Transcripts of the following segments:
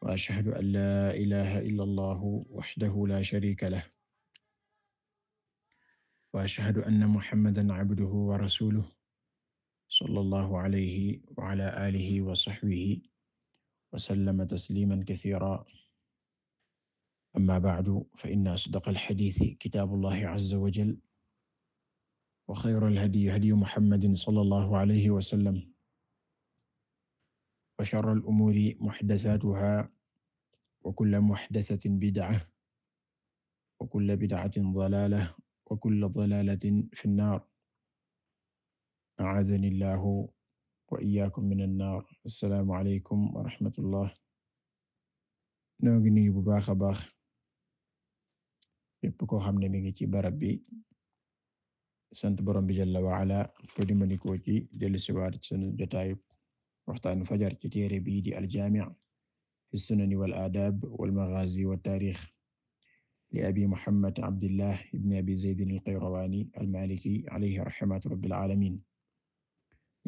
wa ashhadu an laa ilaaha illallahu wahdahu laa shariika lahu wa ashhadu anna muhammadan abduhu wa rasuluhu sallallahu alayhi wa ala aalihi wa sahbihi wa sallama tasliiman kasiiran amma ba'du fa inna asdaqal hadiisi kitaabullahi azza wa jalla wa xayral hadyi hadyu muhammadin sallallahu alayhi wa sallam wa sharral umuuri muhdasaatuhaa wa kulla muhdasatin bid'a wa kulla bid'atin dalaala wa kulla dalaalatin fi nnaar a'aadani llaahu wa iyyaakum mina nnaar assalaamu aleykum wa rahmatullah noo ngi nuyu bu baax a baax yépp koo xam ne mi ngi ci barab bi sant borom bi jalla wa ala ko dimbali ko ci dellusiwaat sunu jotaayu waxtaanu fajar ci téere bii di al jaami' fi sunani wal aadaab wal maghaazi wa taarix li abi muhammad abdillah ibn abi zaydin al-qayrawaani al-maaliki alayhi rahmatu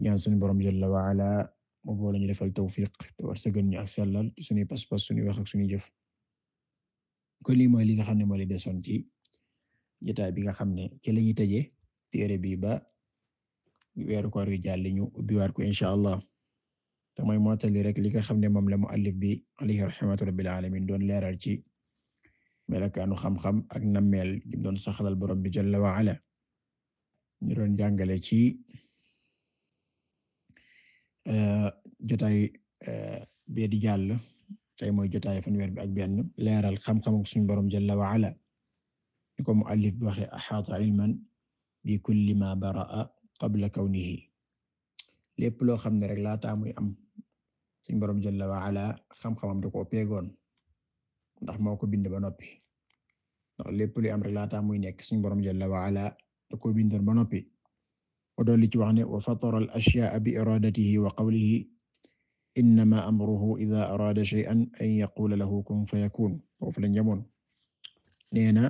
ñaan sunu borom jalla wa ala mu boole ñu defal tawfiq te war sa gën ak sellal suñuy pas-pas suñuy wax ak suñuy jëf kon lii mooy li nga xam ne moo lay desoon ci jotaay bi nga xam ne ci lañuy tëjee téere bi ba weeru koor wi jàll ñu ubbiwaat ko incha allah te mooy mottali rek li nga xam ne moom la muallif bi alayhi rahmatu rabbil alamin doon leeral ci melakaanu xam-xam ak nameel doon saxalal borom bi jalla wa ala ñu doon jàngale ci e, jotaay e, bee di jàll tey mooy jotaay fanweer bi ak benn leeral xam-xam ak suñu borom jalla wala ala ko muallif bi waxe ahaata ilman bi kulli ma baraa qabla kawnihi lépp loo xam ne rek laataa muy am suñ borom jalla wa ala xam-xamam da koo ndax moo ko bind ba noppi ndax lépp lu am rek laata muy nekk suñ borom jalla wa ala da koo ba noppi o dool li ci wax ne wa fatara al ashya'a bi iradatihi wa qawlihi innama amruhu idha arada shay'an an yaqula lahu kun fayakun foofu lañ yemoon nee na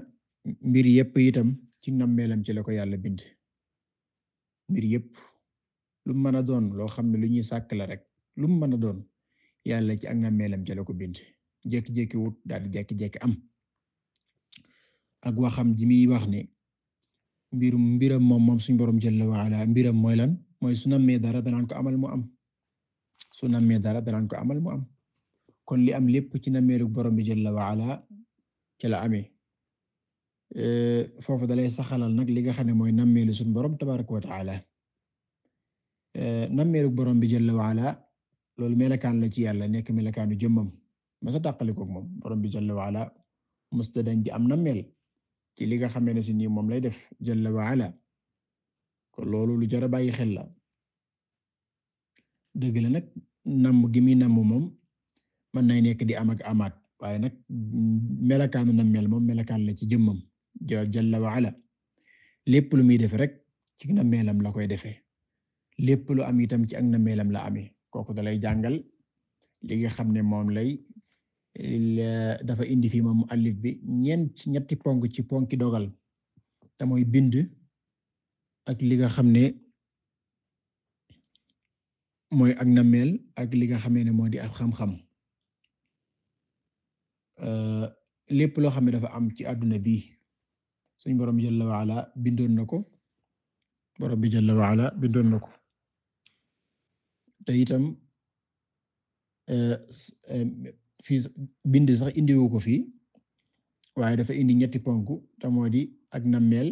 mbir yëpp itam ci nammeelam ci la ko yàlla bind mbir yëpp lu mën a doon loo xam ne lu ñuy sàkk rek lu mu mën a doon yàlla ci ak na meelam ca ko bind jékki-jékki wut daal di jékki-jékki am ak waxam ji muy wax ne mbirum mbiram moom moom suñu borom jalla wa mbiram mooy lan mooy su nammee dara danaan ko amal mu am su nammee dara danaan amal mu am kon li am lépp ci nammeelu borom bi jalla wa ala ca la amee foofu dalay saxalal nag li nga xam ne mooy nammeelu suñu borom tabaraka wa taala nammeelu borom bi jalla wa loolu melakaan la ci yàlla nekk melakaanu jëmmam ma sa tàqalikoog moom borom bi jalla waala musta dañ ji am na mel ci li nga xamee ne si nii moom lay def jalla kon loolu lu jar a bàyyi xel la dëgg la nag namm gi muy namm moom mën nay nekk di am ak amaat waaye nag melakaanu na mel moom melakaan la ci jëmmam jalla waala lépp lu muy def rek ci na melam la koy defee lépp lu am itam ci ak na melam la amee kooku dalay jàngal li nga xam ne moom lay dafa indi fi moom muallif bi ñeent ñetti ponk ci ponki dogal te bind ak li nga xam ne mooy ak nameel ak li nga xamee ne moo di ak xam-xam lépp loo xam ne dafa am ci àdduna bi suñ borom jalla waala bindoon na ko borom bi jalla waala bindoon na ko te itam euh, euh, fii bind sax indiwu ko fii waaye dafa indi ñetti ponk te moo di ak nammeel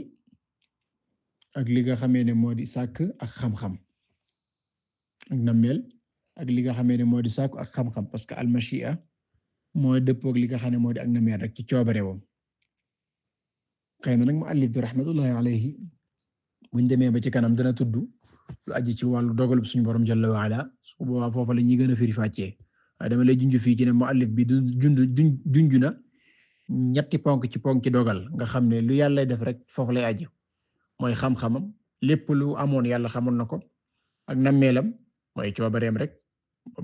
ak li nga xamee ne moo di sàkk ak xam-xam ak ak li nga xamee ne moo di sàkk ak xam-xam parce que almashia mooy dëppoog li nga xam ne moo di ak nammeel rek ci coobarewam xëy nag mu allif bi rahmatullahi alayhi buñ demee ba ci kanam dana tudd lu aji ci wàllu dogalub suñu borom jalla wa su boobaa foofa la ñuy gën a firi fàccee waaye dama lay junj fii ci ne muallif bi du junj junj na ñetti ponk ci ponk ci dogal nga xam ne lu yàlla def rek foofu lay aji mooy xam-xamam lépp lu amoon yàlla xamoon na ko ak nammeelam mooy coobareem rek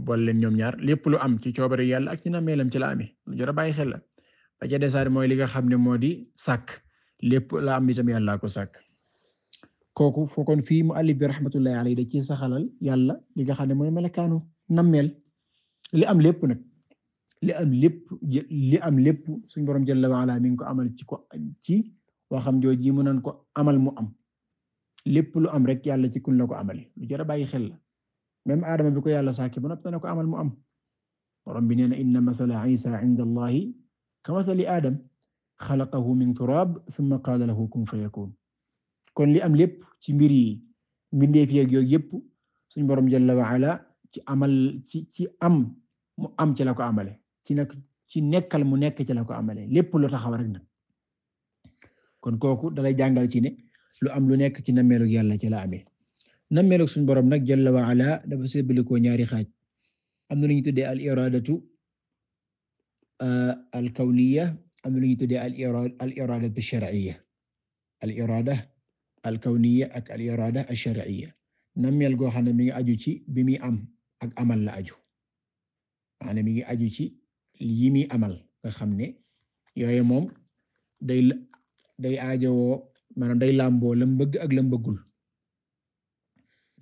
boole leen ñoom ñaar lépp lu am ci coobare yàlla ak ci nammeelam ci la amee lu jar a bàyyi xel la ba ca desaar mooy li nga xam ne moo di sàkk lépp la am itam yàlla ko sàkk. kooku foo kon fii mu alif bi rahmatullahi alayhi da ci saxalal yàlla li nga xam ne mooy melakaanu nammeel li am lépp nag li am lépp li am lépp suñu borom jalla wa ala mi ngi ko amal ci ko ci waxam jooji mu nan ko amal mu am lépp lu am rek yàlla ci kun la ko amale lu jar a bàyyi xel la même Adama bi ko yàlla sàkki ba noppi ko amal mu am borom bi nee na inna masala Isa inda allahi ka masali Adam xalaqahu min turab thumma qaala lahu kun fayakun kon li am lépp ci mbir yi mbindeef yeeg yooyu yëpp suñ borom jalla wa ala ci amal ci ci am mu am ci ko amale ci nag ci nekkal mu nekk ci la ko amale lépp lu taxaw rek nag kon kooku dalay jàngal ci ne lu am lu nekk ci nammeelug yàlla ci la amee nammeelug suñu borom nag jalla wa ala dafa séddalikoo ñaari xaaj am na lu ñu tuddee al iradatu euh, al kawliya am na lu ñu tuddee al irada iradatu shar'iyya al irada alkawniya ak al irada ash-shar'iyya nammeel goo xam ne mi ngi aju ci bi muy am ak amal la aju maanaam mi ngi aju ci yi muy amal nga xam ne yooye moom day day aajowoo maanaam day làmboo lam bëgg ak lam bëggul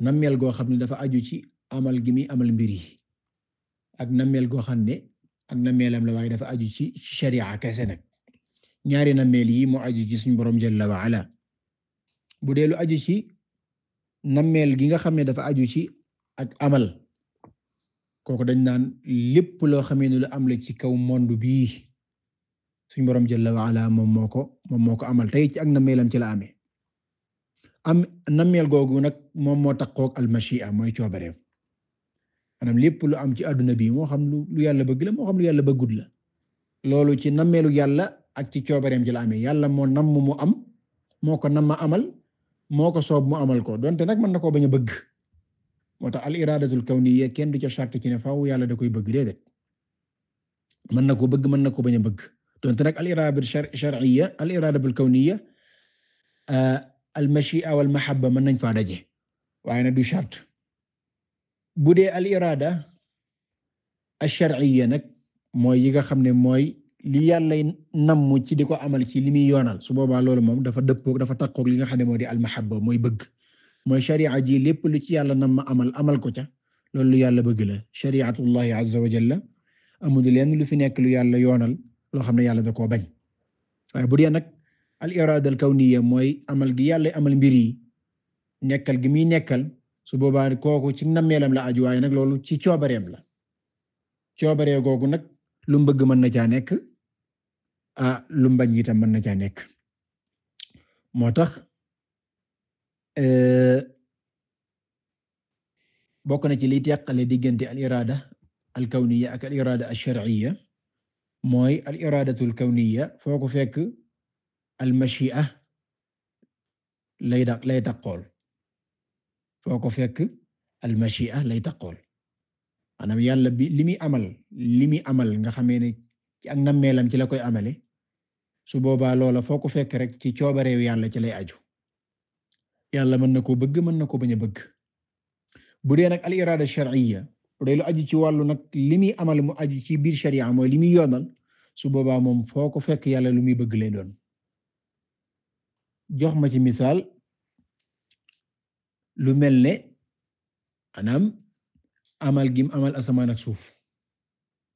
nammeel goo xam ne dafa aju ci amal gi muy amal mbir yi ak nammeel goo xam ne ak nammeelam la waaye dafa aju ci sharia kese nag ñaari nammeel yi moo aju ci suñu borom jalla wa bu dee lu aju ci nammeel gi nga xam ne dafa aju ci ak amal kooku dañ naan lépp loo xamee ne lu am la ci kaw monde bii suñu borom jalla wa ala moom moo ko moom ko amal tey ci ak nammeelam ci la amee am nammeel googu nag moom moo taqoog al mashia mooy coobareem maanaam lépp lu am ci àdduna bi moo xam lu yàlla bëgg la moo xam lu la loolu ci nammeelu yàlla ak ci coobareem ci la amee yàlla moo nam mu am moo ko namma amal moo ko soob mu amal ko donte nag mën na koo bañ a bëgg moo tax al iradatul kawniyya kenn du ca charte ci ne faaw yàlla da koy bëgg déedéet mën na ko bëgg mën na ko bañ a bëgg donte nag al iradatul shar'iyya al iradatul kawniyya euh, al mashi'a wal mahabba mën nañ faa daje waaye nag du charte bu dee al irada al shar'iyya nag mooy yi nga xam ne mooy li yàlla namm ci di ko amal ci li muy yoonal su boobaa loolu moom dafa dëppoo dafa takkoog li nga xam ne moo di almahabba mooy bëgg mooy shari'a ji lépp lu ci yàlla namm amal amal ko ca loolu yàlla bëgg la shari'atullahi azza wa jalla amul lenn lu fi nekk lu yàlla yoonal loo xam ne yàlla da koo bañ bu dee nag al irada al kawniyya mooy amal gi yàlla amal mbir yi nekkal gi muy nekkal su boobaa kooku ci nammeelam la aju waaye nag loolu ci coobareem la coobare googu nag lu mbëgg bëgg mën na caa nekk ah lu mbañ itam mën na caa nekk moo tax e, bokk na ci liy teqale diggante al irada al kawniya ak al irada al shar'iyya mooy al iradatu al kawniya foo ko fekk al mashi'a lay da lay taqool foo ko fekk al mashi'a lay taqool maanaam yàlla bi li muy amal li muy amal nga xamee ne ci ak nammeelam ci la koy amale su boobaa loola foo ko fekk rek ci coobareew yàlla ci lay aju yàlla mën na ko bëgg mën na ko bañ a bëgg bu dee nag al irada shar'iyya bu dee lu aju ci wàllu nag li muy amal mu aju ci biir sharia mooy li muy yoonal su boobaa moom foo ko fekk yàlla lu muy bëgg lay doon jox ma ci misaal lu mel ne maanaam amal gim amal asamaan suuf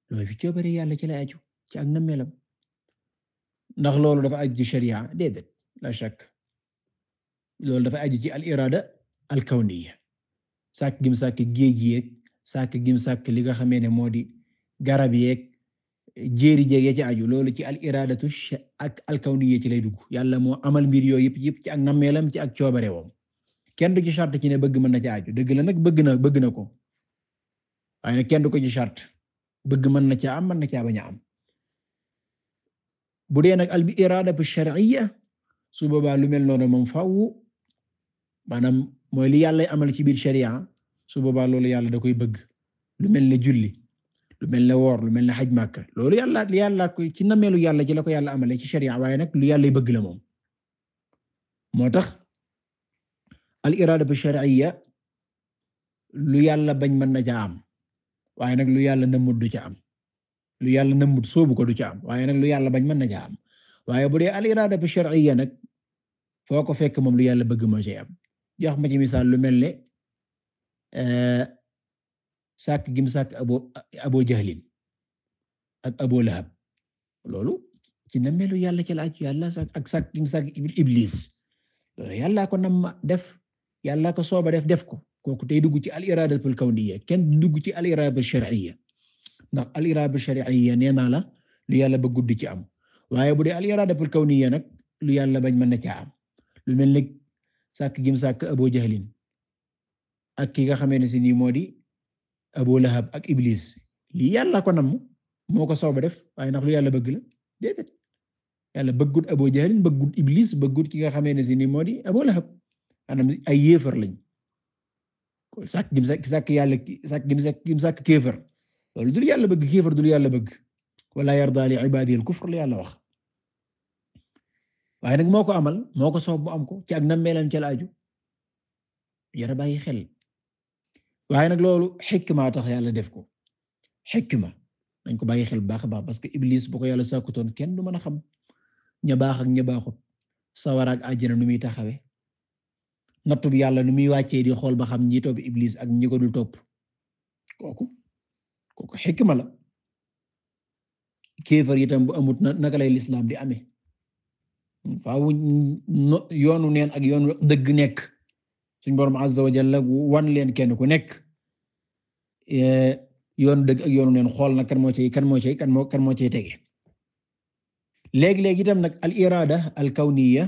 loolu fi coobare yàlla ci lay aju ci ak na melam ndax loolu dafa aju ci sharia déedéet la shakk loolu dafa aju ci al irada al kawniya sàkk gim sàkk géej yeeg sàkk gim sàkk li nga xamee ne moo di garab yeeg jéeri jéeg ci aju loolu ci al iradatu ak al kawniya ci lay dugg yàlla moo amal mbir yooyu yëpp yëpp ci ak nammeelam ci ak coobareewam kenn du ci chart ci ne bëgg mën na ci aju dëgg la nag bëgg na bëgg na ko waaye kenn du ko ci chart bëgg mën na caa am mën na caa bañ am bu dee nag al irada bu shar'iyya su boobaa lu mel noonu moom faw maanaam mooy lu yàlla amal ci biir sharia su boobaa loolu yàlla da koy bëgg lu mel ne julli lu mel ne woor lu mel ne xaj màkka loolu yàlla yàlla koy ci nameelu yàlla ci la ko yàlla amalee ci sharia waaye nag lu yàlla bëgg la moom moo tax al irada bu shar'iyya lu yàlla bañ mën na ca am waaye nag lu yàlla na muddu ca am. lu yàlla nëmmut soobu ko du ca am waaye nag lu yàlla bañ mën na ca am waaye bu dee al irada bi shar'iyya nag foo ko fekk moom lu yàlla bëgg moo ci jox ma ci misaal lu mel ne eh, sàkk gim sàkk abo abo jahlin ak abo lahab loolu ci nammeelu yàlla ci la aju yàlla ak sàkk gim sàkk iblis loolu yàlla ko nam def yàlla ko sooba def def ko kooku tey dugg ci al iradatul kawniyya kenn dugg ci al irada shar'iyya ndax al irada shar'iyya ay naa la lu yàlla bag guddi ci am waaye bu dee kaw iradatul kawniyya nag lu yàlla bañ mën na caa am lu mel ni sàkk gim sàkk Abu Jahlin ak kii nga xamee ne si nii moo di Abu Lahab ak Iblis lii yàlla ko nam moo ko sooba def waaye ndax lu yàlla bëgg la déedéet yàlla bëggut Abu Jahlin bëggut Iblis bëggut ki nga xamee na si nii moo di Abu Lahab maanaam ay yéefar lañ sàkk gim sàkk yàlla sàkk gim sàkk kéefar loolu dul yàlla bëgg kéefar dul yàlla bëgg wala yarda li ibaadihi al-kufr la yàlla wax waaye nag moo ko amal moo ko soob bu am ko ci ak nammeelam ca laaju yara bàyyi xel waaye nag loolu xikma tax yàlla def ko xikma dañ ko bàyyi xel baax a baax parce que Iblis bu ko yàlla sàkkutoon kenn du mën a xam ña baax ak ña baaxut sawara ak àjjana nu muy taxawe nattub yàlla nu muy wàccee di xool ba xam ñi bi Iblis ak ñi ko dul topp kooku kooku xikma la kéefar itam bu amut na naka lay lislaam di amee faaw yoonu neen ak yoonu dëgg nekk suñ borom azza wa jalla wan leen kenn ku nekk e, yoonu dëgg ak yoonu neen xool nag kan moo ci kan moo ciy kan moo kan moo ciy tege léegi-léegi itam nag al irada al kawniya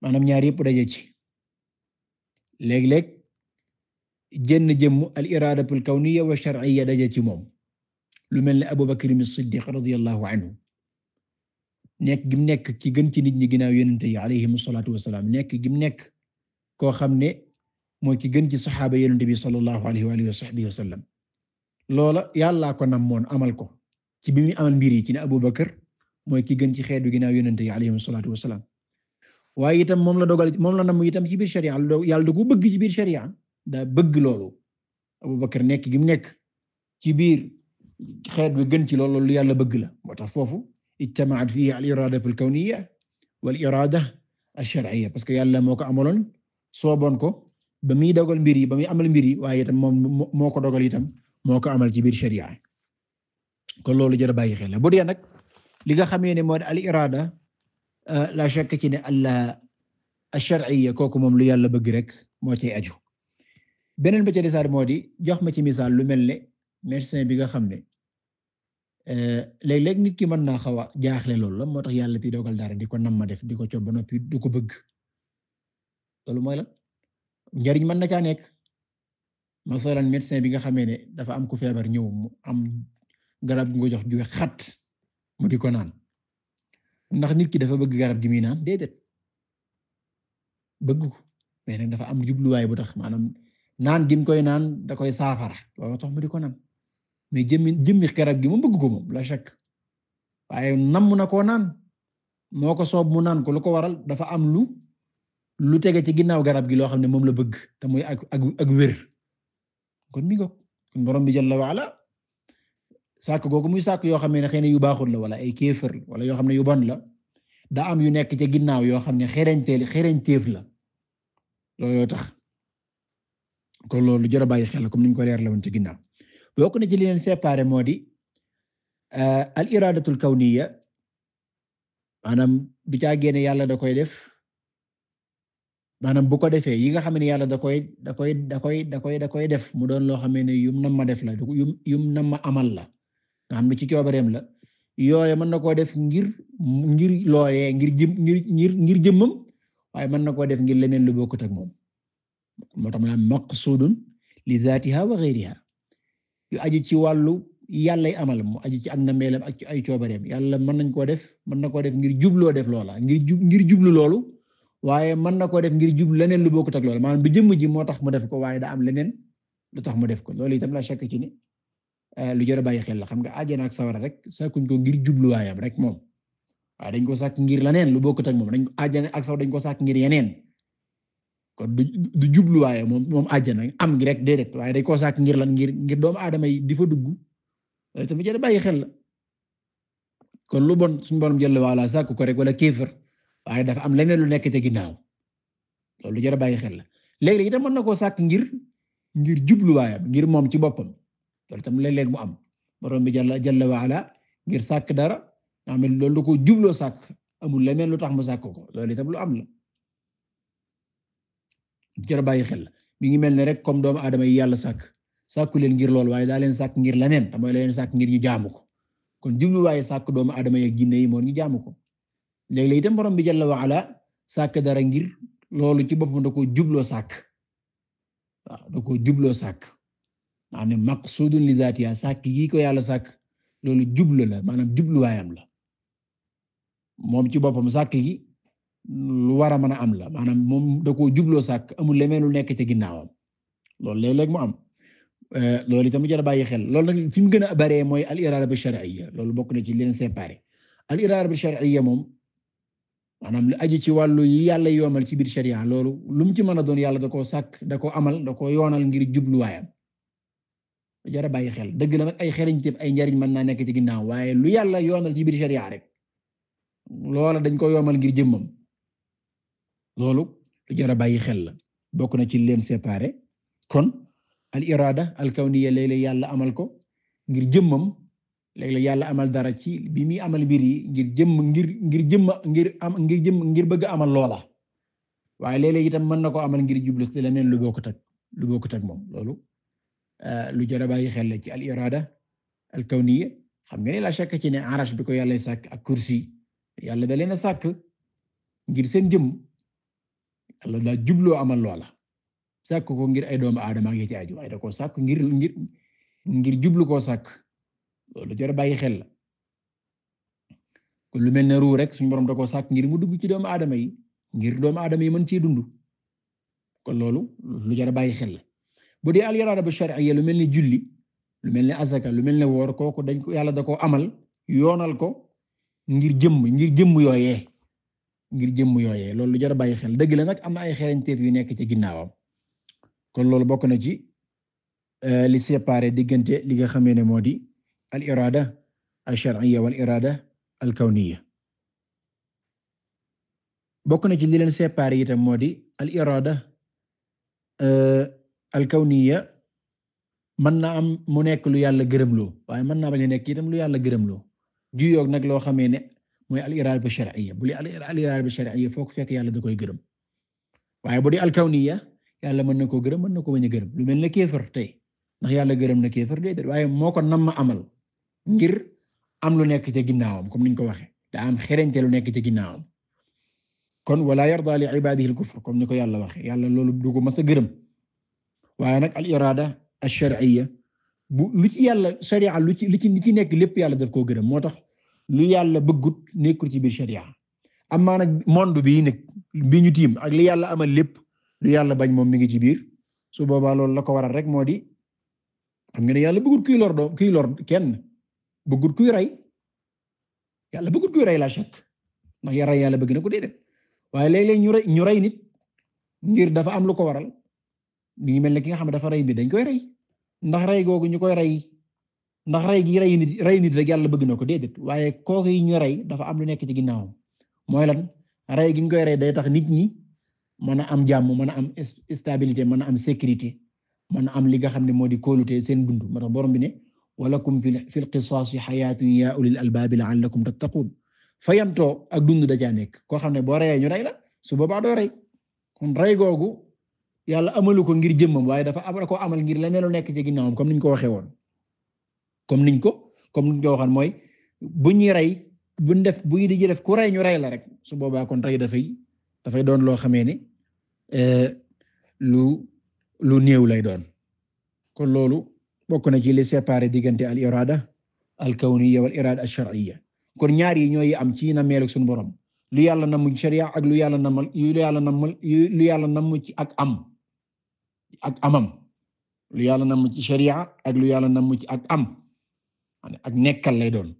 maanaam ñaar yëpp daje ci léeg-léeg jenn jëmm al iradatul kawniya wa shar'iyya daje ci moom lu mel ne Abubakar as-Siddiq radiyallahu anhu nekk gim nekk ki gën ci nit ñi ginnaaw yonente yi alayhim salaatu wasalaam nekk gim nekk koo xam ne mooy ki gën ci saxaaba yonente bi sallallahu alayhi wa alihi wa sahbihi wa sallam loola yàllaa ko amal ko ci bi muy amal mbir yi ci ne Abubakar mooy ki gën ci xeetu ginnaaw yonente yi alayhim salaatu wasalaam waaye itam moom la dogal moom la nam itam ci biir sharia yàlla dogu bëgg ci biir sharia daa bëgg loolu Abubakar nekk gi mu nekk ci biir xeet bi gën ci loolu lu yàlla bëgg la moo tax foofu ijtamaat fii al irada al kawniya wal irada al shar'iyya parce que yàlla moo ko amaloon sooboon ko ba muy dogal mbir yi ba muy amal mbir yi waaye itam moo ko dogal itam moo ko amal ci biir sharia kon loolu jar a bàyyi xel la bu dee nag li nga xamee ne moo al irada euh, la shakk ci ne al shar'iyya kooku moom lu yàlla bëgg rek moo cay aju beneen ba ca desaat moo di jox ma ci misaal lu mel ne médecin bi nga xam ne euh, léeg-léeg nit ki mën naa xaw a jaaxle loolu la moo tax yàlla ti dogal dara di ko nam ma def di ko cob ba noppi du ko bëgg loolu mooy la njariñ mën na caa nekk masalan médecin bi nga xamee ne dafa am ku feebar ñëw mu am garab gu nga jox juwe xat mu di ko naan ndax nit ki dafa bëgg garab gi muy naan déedéet bëgg ko mais dafa am jubluwaay bu tax maanaam naan gim koy naan da koy saafara loolu tax mu di ko naan mais jëmmi jëmmi garab gi moom bëgg ko moom la chèque waaye namm na koo naan moo ko soob mu naan ko lu ko waral dafa am lu lu tege ci ginnaaw garab gi loo xam ne moom la bëgg te muy ak ak ak wér kon mi ngo kon borom bi jalla waala sàkk googu muy sàkk yoo xam ne xëy na yu baaxul la wala ay kéefër wala yoo xam ne yu bon la daa am yu nekk ci ginnaaw yoo xam ne xereñteel xereñteef la looloo tax kon loolu lu jar a bàyyi xel la comme ni ñu ko leeralal woon ci ginnaaw bokk na ci li leen séparé moo di euh, al iradatul kawniya maanaam du caa yàlla da koy def maanaam bu ko defee yi nga xam ne yàlla da koy da koy da koy da koy da koy def mu doon loo xamee ne yum nam ma def la yum yum nam ma amal la nga xam ne ci coobareem la yooye mën na koo def ngir ngir looyee ngir jëm ngir ngir ngir jëmmam waaye mën na koo def ngir leneen lu bokkut ak moom. moo tax maanaam maqsuudun li zaatiha wa ghayriha aju ci wàllu yàllay amal mu aju ci ak nammeelam ak ci ay coobareem yàlla mën nañ koo def mën na koo def ngir jubloo def loola ngir jub ngir jublu loolu waaye mën na koo def ngir jublu leneen lu bokkut ak loolu maanaam du jëmm ji moo tax mu def ko waaye da am leneen lu tax mu def ko loolu itam la chàkk ci ni eh, lu jar a bàyyi xel la xam nga àjjana ak sawara rek sàkkuñ ko ngir jubluwaayam rek moom waaye dañ ko sàkk ngir leneen lu bokkut ak moom dañ ko àjjana ak sawara dañ ko sàkk ngir yeneen kon du du moom moom àjjana am ngi rek waaye day koo saak ngir lan ngir ngir doomu aadama yi di fa dugg loolu tamit jërë bàyyi xel la kon lu bon suñu borom jël wala sàkku ko rek wala kéefër waaye dafa am leneen lu nekk ca ginnaaw loolu jërë bàyyi xel la léeg-léeg na koo sàkk ngir ngir jubluwaayam ngir moom ci boppam loolu tam léeg-léeg mu am borom bi jalla jalla waala ngir sàkk dara nga xam ne loolu da jubloo sàkk amul leneen lu tax mu sàkk ko loolu itam lu am la. jar bàyyi xel mi ngi mel ne rek comme doomu adama yi yàlla sàkk sàkku leen ngir loolu waaye daa leen sàkk ngir leneen te mooy la leen sàkk ngir ñu jàmmu ko kon jubluwaaye sàkk doomu aadama yi ak jinne yi moo ñu jàmmu ko léeg-léeg itam borom bi jalla wa ala sàkk dara ngir loolu ci boppam koo jubloo sàkk waaw da koo jubloo sàkk maanaam maqsudun li zaatiya sàkk gi ko yàlla sàkk loolu jublu la maanaam jubluwaayam la moom ci boppam sàkk gi lu war a mën a am la maanaam moom da koo jubloo sàkk amul leneen lu nekk ca ginnaawam loolu léeg-léeg mu am euh, loolu itam jar a bàyyi xel loolu nag fi mu gën a baree mooy al irada bi shar'iyya loolu bokk na ci leen séparé al irada bi shar'iyya moom maanaam lu ci wàllu yi yàlla yoomal ci biir sharia loolu lu mu ci mën a doon yàlla da koo sàkk da koo amal da ko yoonal ngir jubluwaayam jar bàyyi xel dëgg la nag ay xereñteef ay njariñ mën naa nekk ci ginnaaw waaye lu yàlla yoonal ci biir sharia rek loola dañ ko yoomal ngir jëmmam loolu lu jar a bàyyi xel la bokk na ci leen séparé kon al irada al kawniya yàlla amal ko ngir jëmmam léeg-léeg yàlla amal dara ci bi muy amal mbir yi ngir jëmm ngir ngir jëmm ngir am ngir jëmm ngir bëgg amal loola waaye léeg-léeg itam mën na ko amal ngir jublu si leneen lu bokkut ak lu bokkut moom loolu eh, lu jar a bàyyi xel la ci al irada al kawniya xam nga ne la shakka ci ne arash bi ko yàlla sàkk ak kursi yàlla da leen a sàkk ngir seen jëmm loolu daa jubloo amal loola sàkk ko ngir ay doomu aadama ak yi da koo sàkk ngir ngir ngir jublu koo sàkk loolu jar bàyyi xel la kon lu mel ne ruu rek suñu borom da ko sàkk ngir mu dugg ci doomu aadama yi ngir doomu aadama yi mën cee dund kon loolu lu jar bàyyi xel la bu dee al irada bu shar'iyya lu mel ne julli lu mel ne azaka lu mel ne woor ko dañ ko yàlla da koo amal yoonal ko ngir jëmm ngir jëmm yooyee ngir jëmm yooye loolu lu jar a bàyyi xel dëgg la nag am na ay xereñteef yu nekk ci ginnaawam kon loolu bokk na ci euh, li séparé diggante li nga xamee ne moo di al irada al shar'iyya wal irada al bokk na ci li leen itam moo di al irada euh, al kawniyya mën na am mu nekk lu yàlla loo waaye mën na bañ a nekk tam lu yàlla gërëmloo juyoog nag loo xamee ne mooy al irada shar'iyya bu li fekk yàlla da koy gërëm waaye bu dee al kawniyya yàlla mën na koo gërëm man na ko bañ gërëm lu mel ne kéefar te ndax yàlla gërëm na kéefar déedéet waaye moo ko nam ma amal ngir am lu nekk ca ginnaawam comme niñ ko waxee da am xereñte lu nekk ca ginnaawam kon wala yarda li ibadihi al kufr comme ni ko yàlla waxee yàlla loolu du ko mas a gërëm waaye nag al irada al lu ci yàlla sharia lu ci li ci li ci nekk lépp yàlla daf koo gërëm moo tax lu yàlla bëggut nekkul ci biir sharia amaa nag monde bii nag bi ñu tiim ak li yàlla amal lépp lu yàlla bañ moom mi ngi ci biir su boobaa loolu la ko waral rek moo di xam nga yàlla bëggut kuy lor doom kenn bëggut kuy rey yàlla bëggut kuy rey la chaque ndax ya rey yàlla bëgg na ko déedéet waaye léeg-léeg ñu rey ñu rey nit ngir dafa am lu ko waral mi ngi mel ne ki nga xam ne dafa rey bi dañ koy rey ndax rey koy rey ndax rey gi rey nit rey nit rek yàlla bëgg na ko déedéet waaye kooku yi rey dafa am lu nekk ci ginnaawam mooy lan rey gi ñu koy rey day tax nit ñi mën a am jàmm mën a am stabilité mën a am sécurité mën a am li nga xam ne moo di kóolute seen dund moo tax borom bi ne wala walakum fil qisaasi xayaatun yaa ulil albaabi la'allakum tattaquun fayantoo ak dund da caa nekk koo xam ne boo reyee ñu rey la su boobaa doo rey kon rey googu yàlla amalu ko ngir jëmmam waaye dafa am ko amal ngir leneen lu nekk ci comme niñ ko comme niñ ko waxoon mooy bu ñuy rey buñ def bu ñu di def ku rey ñu rey la rek su boobaa kon rey dafay dafay doon loo xamee ne eh, lu lu néew lay doon kon loolu bokk na ci li séparé diggante al irada al kawniya wal irada al shar'iyya kon ñaar yi ñooy am ci na meelug suñu borom lu yàlla namu sharia ak lu yàlla namal lu yàlla namal lu yàlla namu ci ak am ak amam lu yàlla namu ci sharia ak lu yàlla namu ci ak am ak nekkal lay doon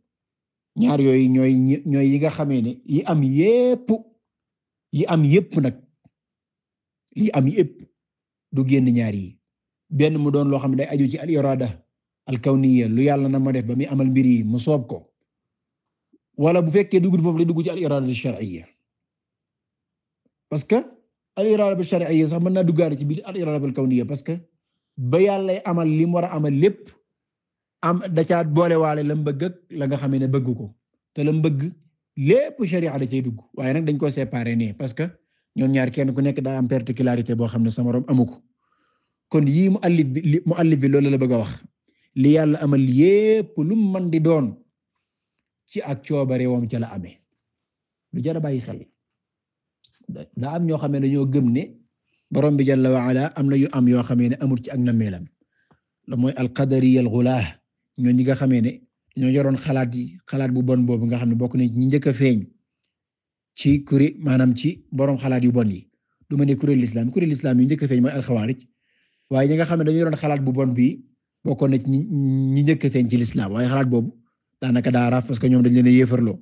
ñaar yooyu ñooy yi nga xamee ne yi am yépp yi am yépp nag li am yépp du génn ñaar yi benn mu doon loo xam ne day aju ci al irada lu yàlla na ma def ba muy amal mbir yi mu soob ko wala bu fekkee dugg foofu la dugg ci al irada al parce que al irada al shar'iyya sax mën naa duggaale ci biir al irada al parce que ba yàlla amal li mu war a amal lépp am da caa boolewaale la mu bëgg la nga xam ne bëggu ko te la mu bëgg lépp sharia da cay dugg waaye nag dañ ko séparer nii parce que ñoom ñaar kenn ku nekk daa am particularité boo xam ne sama amu ko kon yii mu allif bi mu allif loolu la bëgg wax li yàlla amal yépp lu man di doon ci ak coobare wom ca la amee lu jar a xel daa am ñoo xam ne dañoo gëm ne borom bi jalla wa am na yu am yoo xam ne amul ci ak nammeelam la mooy al qadariyya ñoo ñi nga xamee ne ñoo yoroon xalaat yi xalaat bu bon boobu nga xam ne bokk nañ ñi njëkk a feeñ ci kuréel maanaam ci borom xalaat yu bon yi du ma ne kuréel islam kuréel islam yu njëkk a feeñ mooy alxawaarij waaye ñi nga xam ne dañu xalaat bu bon bii bokkoon na ci ñi njëkk a feeñ ci waaye xalaat boobu daanaka daa raaf que ñoom dañ leen a yéefarloo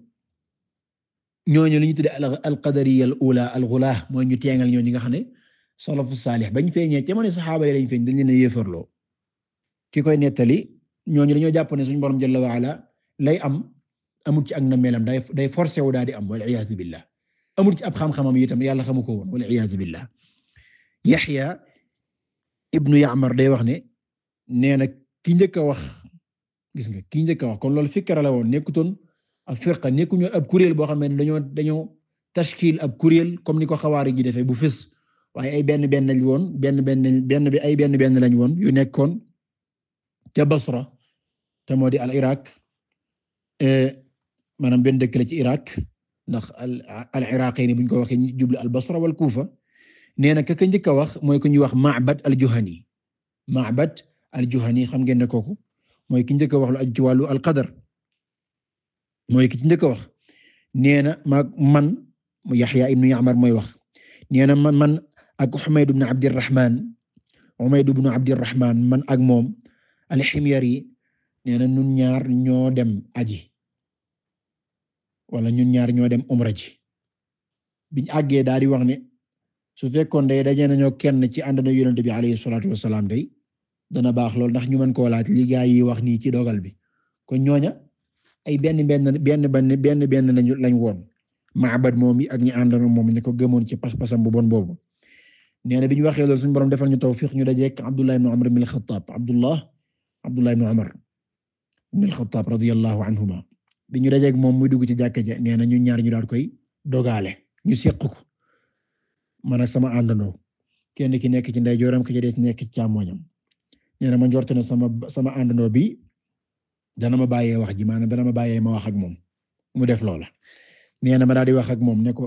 ñooñu li ñu tuddee alqadariya al ula al ghulaah mooy ñu teengal ñooñu nga xam ne salafu saalih bañ feeñee jamono saxaaba yi lañ feeñ dañ leen a yéefarloo ki koy nettali ñooñu dañoo jàpp ne suñu borom jalla wa lay am amul ci ak na melam day day forcé wu di am wal iyaazu billah amul ci ab xam-xamam itam yàlla xamu ko woon wala iyaazu billah Yaxya ibnu Ya'mar day wax ne nee na ki njëkk a wax gis nga ki njëkk wax kon loolu fikra la woon nekkutoon ab firqa nekkuñu ab kuréel boo xam ne dañoo dañoo tashkil ab kuréel comme ni ko xawaari ji defee bu fës waaye benn benn lañ benn benn benn bi ay benn benn lañ woon yu nekkoon ca Basra te moo di al Iraq eh, maanaam benn dëkk ci Iraq ndax al al Iraqayni buñ ko waxee ñu jublu al Basra wal Kufa nee na ka ka njëkk a wax mooy ku ñuy wax Ma'bad al Juhani Ma'bad al Juhani xam ngeen ne kooku mooy ki njëkk a wax lu aju ci wàllu ki ci njëkk a wax nee na maa man mu Yaxya ibnu Ya'mar mooy wax nee na man man ak Humayd ibn Abdirrahman Humayd ibn Abdirrahman man ak moom al nee na ñun ñaar ñoo dem aji wala ñun ñaar ñoo dem umra ji biñ àggee daal di wax ni su fekkoon day daje nañoo kenn ci ànd na yonent bi alayhi salaatu wasalaam day dana baax lool ndax ñu mën koo laaj li gaa yi wax nii ci dogal bi kon ñooña ay benn benn benn benn benn benn lañu lañ woon Ma'bad moom yi ak ñu àndandoo moom ñu ko gëmoon ci pas-pasam bu bon boobu. nee na bi ñu waxee loolu suñu borom defal ñu tawfiq ñu dajeek Abdullah ibn Umar ibn al-Khattab Abdullah Abdullah ibn Umar ibn al-Khattab radiyallahu anhuma bi ñu dajeeg moom muy dugg ci jàkka ja nee na ñu ñaar ñu daal koy dogale ñu seq ko man sama àndandoo kenn ki nekk ci ndeyjooram ki ci des nekk ci càmmoñam nee na ma njort na sama sama àndandoo bi dana ma bàyyee wax ji maanaam dana ma bàyyee ma wax ak moom mu def loola. nee na ma daal di wax ak moom ne ko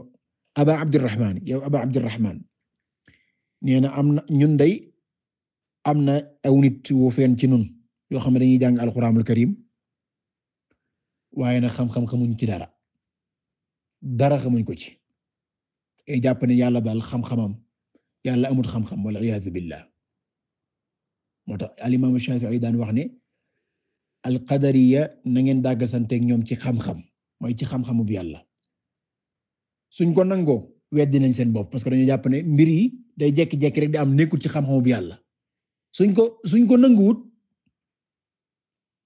Aba Abdurrahman yow Aba Abdurrahman nee na am na ñun day am na aw nit wu feen ci nun yoo xam ne dañuy jàng alxuraanul karim waaye nag xam-xam xamuñ ci dara dara xamuñ ko ci e jàpp yàlla daal xam-xamam yàlla amut xam-xam wala iyaazu billah moo tax al-imaam Shaafi'i daan wax ne alqadariya na ngeen dàggasanteeg ñoom ci xam-xam mooy ci xam-xamu bu yàlla suñ ko nangoo weddi nañ seen bopp parce que dañu jàpp ne mbir yi day jekki-jekki rek nekkul ci xam yàlla suñ ko suñ ko nanguwut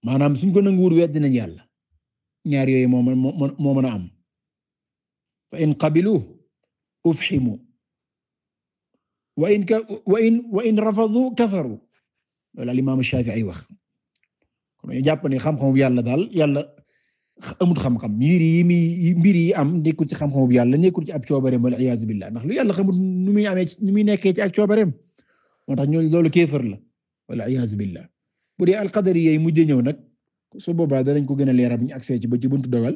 maanaam suñ ko nanguwul weddi nañ yàlla ñaar yooyu moo moo mën a am fa in qabilu ufhimu wa in wa in wa in rafadu kafaru loolu al imaam Shaafi'i wax kon ñu jàpp ne xam-xamu yàlla daal yàlla amut xam-xam mbir yi mi mbir yi am nekkul ci xam-xamu bu yàlla nekkul ci ab coobareem wal iyaazu billah ndax lu yàlla xamut nu muy amee nu muy nekkee ci ak coobareem moo tax ñooñu loolu kéefër la wal iyaazu billah bu dee alqadari yooyu mujj ñëw nag su boobaa danañ ko gën a leeral ñu accès ci ba ci buntu dogal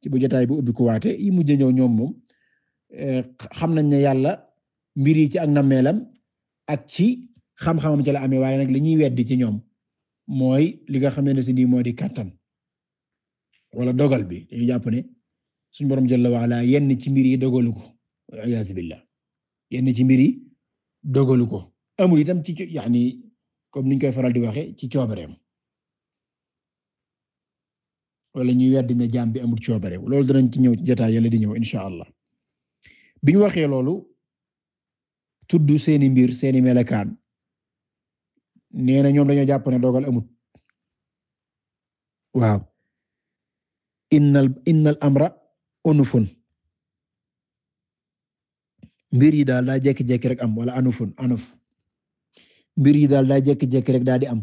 ci bu jotaay bu ubbi ko waate yi mujj ñëw ñoom moom eh, nañ ne yàlla mbir yi ci ak nammeelam ak ci xam-xamam ci la amee waaye nag li ñuy weddi ci ñoom mooy li nga xamee ne si nii moo di kàttan wala dogal bi dañu jàpp ne suñu borom jalla waala yenn ci mbir yi dogalu ko iyaazu ci mbir yi amul itam ci yani comme niñ koy faral di waxe ci coobareem wala ñuy weddi ne jaam bi amul coobare loolu danañ ci ñëw ci jotaay yàlla di ñëw insha allah bi ñu waxee loolu tuddu seeni mbir seeni melekaan nee na ñoom dañoo jàpp ne dogal amut waaw innal innal amra unufun mbir yi daal daa jekki-jekki rek am wala anufun anuf mbir yi daal daa jékki-jékki rek daal di am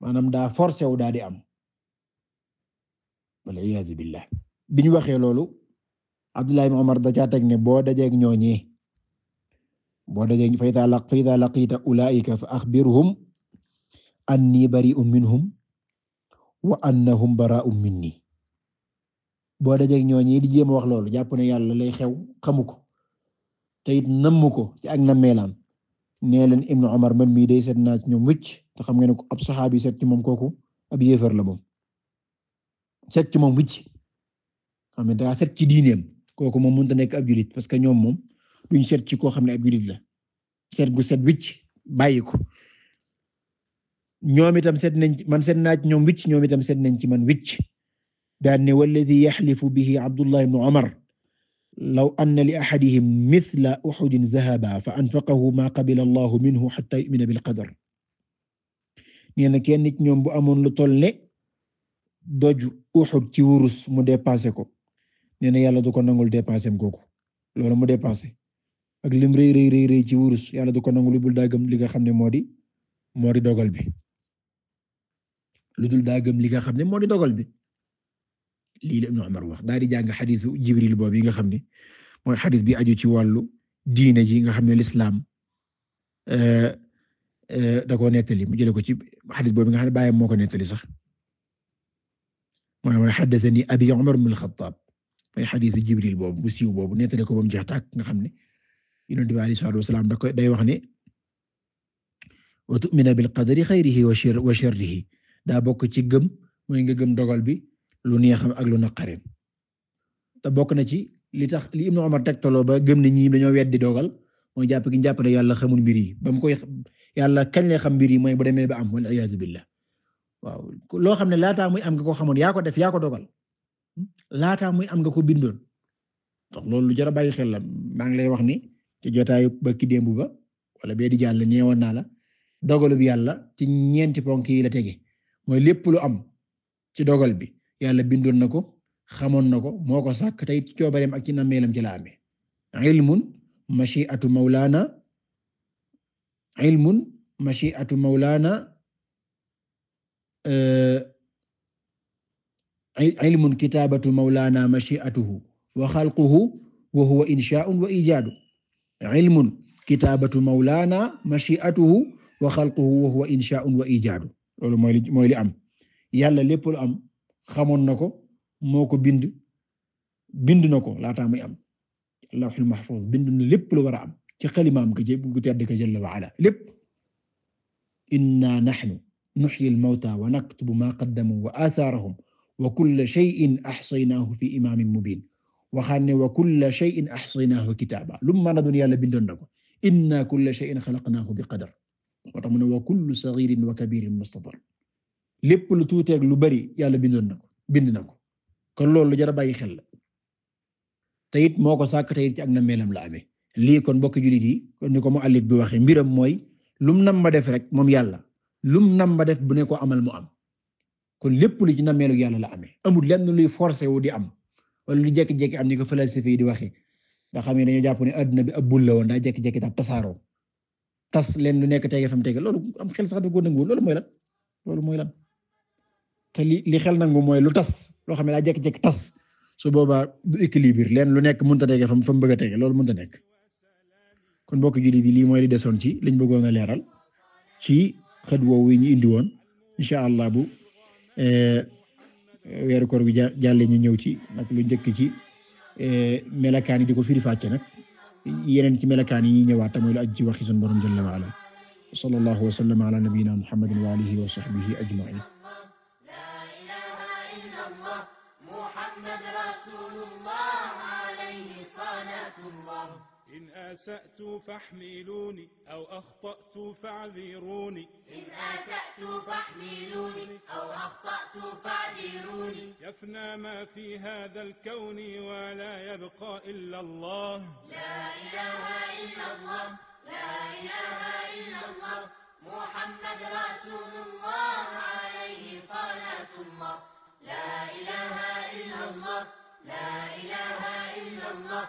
maanaam daa forcé wu daal di am wal iyaazu billah bi ñu waxee loolu Abdullah ibn Umar da caa teg ne boo dajee ak ñooñi boo dajee fa idaa laq fa idaa laqiita ulaa'ika fa axbirhum annii bari'un minhum wa annahum baraa'un minnii boo dajee ak ñooñi di jéem wax loolu jàpp ne yàlla lay xew xamu ko te it namm ko ci ak nammeelam nee leen Ibnu Umar man mii day seet naa ci ñoom wicc te xam nga ne ab saxaabi seet ci moom kooku ab yéefar la moom seet ci moom wicc xam nga daa seet ci diineem kooku moom mënut a nekk ab julit parce que ñoom moom duñ seet ci koo xam ne ab julit la seet gu seet wicc bàyyi ko ñoom itam seet nañ man seet naa ci ñoom wicc ñoom itam seet nañ ci man wicc daan ne walladi yaxlifu bihi Abdullah ibnu Umar law anna li ahadihim mithla uhudin dhahaba fa anfaqahu ma qabila allahu minhu hatta yu'mina bil qadar nee na kenn nit ñoom bu amoon lu toll ne doju Uhud ci wurus mu dépensé ko nee na yàlla du ko nangul dépensé am ko loolu mu dépensé ak lim rëy rëy rëy ci wurus yàlla du ko nangul bul daa gëm li nga xam ne moo di moo di dogal bi lu dul daa gëm li nga xam ne moo di dogal bi lii la Ibnu Umar wax daal di jàng xadisu Jibril boobu yi nga xam ne mooy xadis bi aju ci wàllu diine ji nga xam ne lislaam euh, euh, da koo nettali mu jële ko ci xadis boobu nga xam ne baayam moo ko nettali sax mooy haddathani abi Umar ibn al-Khattab mooy xadisu Jibril boobu bu siiw boobu nettali ko ba jeex tàkk nga xam ne Yonent bi alayhi salaatu wasalaam da koy day wax ne wa tu'minu bil qadari xayrihi wa daa bokk ci gëm mooy nga gëm dogal bi lu xam ak lu naqareem te bokk na ci li tax li Ibnu Umar tegtaloo ba gëm ne ñii dañoo weddi dogal mooy jàpp ki jàpp ne yàlla xamul mbir yi ba koy yàlla kañ le xam mbir yi mooy bu demee ba am wal iyaazu billah waaw loo xam ne laataa muy am nga ko xamoon yaa ko def dogal laataa muy am nga ko bindoon tax loolu lu jar a bàyyi xel la maa ngi lay wax ni ci jotaayu ba ki démb ba wala bee di jàll ñeewoon naa la dogalu bi yàlla ci ñeenti ponk yi la tege mooy lépp lu am ci dogal bi yàlla bindoon na ko xamoon na ko moo ko sàkk tey ci coobareem ak ci nammeelam ci la amee ilmun mashi'atu mawlana ilmun mashi'atu mawlana eh, ilmun kitaabatu mawlana mashi'atuhu wa xalquhu wa huwa inshaa'un wa ijaadu ilmun kitaabatu mawlana mashi'atuhu wa xalquhu wa huwa inshaa'un wa ijaadu loolu mooy am yàlla lépp am xamoon na ko moo ko bind bind na ko laataa muy am lawhul mahfuz bind na lépp lu war a am ci xalimaam ka jë gu tedd ka jalla wa ala lépp inna nahnu nuhyi al-mawta wa naktubu ma qaddamu wa atharahum wa kulla shay'in ahsaynaahu fi imamin mubin waxaan ne wa kulla shay'in ahsaynaahu kitaba lu mën a doon yàlla bindoon na ko inna kulla shay'in xalaqnaahu bi qadar wa tamna wa kullu saghirin wa kabirin mustatar lépp lu tuuteeg lu bari yàlla bindoon na ko bind na ko kon loolu lu jar a bàyyi xel la te it moo ko sàkk te ci ak na meelam la amee lii kon bokk jullit yi kon ni ko mu allif bi waxee mbiram mooy lum nam ba def rek moom yàlla lu mu nam ma def bu ne ko amal mu am kon lépp lu ci nammeelu yàlla la amee amul lenn luy forcé wu di am wala lu jékki-jékki am ni ko philosophie yi di waxee nga xam ne dañoo jàpp ne adduna bi ab bul la woon daa jékki-jékki daal tas leen lu nekk tege fam tege loolu am xel sax da ko nangu te li li xel nangu mooy lu tas loo xam ne daa jékki-jékki tas su boobaa du équilibre leen lu nekk mënut a tege fa mu fa mu bëgg a loolu mënut a nekk kon mbokk jullit yi lii mooy li desoon ci liñ bëggoon a leeral ci xët woowu yi ñu indi woon incha allah bu eh, weeru koor bi jaal jàllee ñu ñëw ci nag lu njëkk ci eh, melakaan yi di ko firi fàcce nag yeneen ci melakaan yi ñuy ñëwaat te mooy lu aju ci waxi sunu borom jalla wa ala wa sallama ala nabiyyina muhammadin wa alihi wa sahbihi ajma'in آسأت فاحملوني أو أخطأت فاعذروني إن آسأت فاحملوني أو أخطأت فاعذروني يفنى ما في هذا الكون ولا يبقى إلا الله لا إله إلا الله لا إله إلا الله محمد رسول الله عليه صلاة الله لا إله إلا الله لا إله إلا الله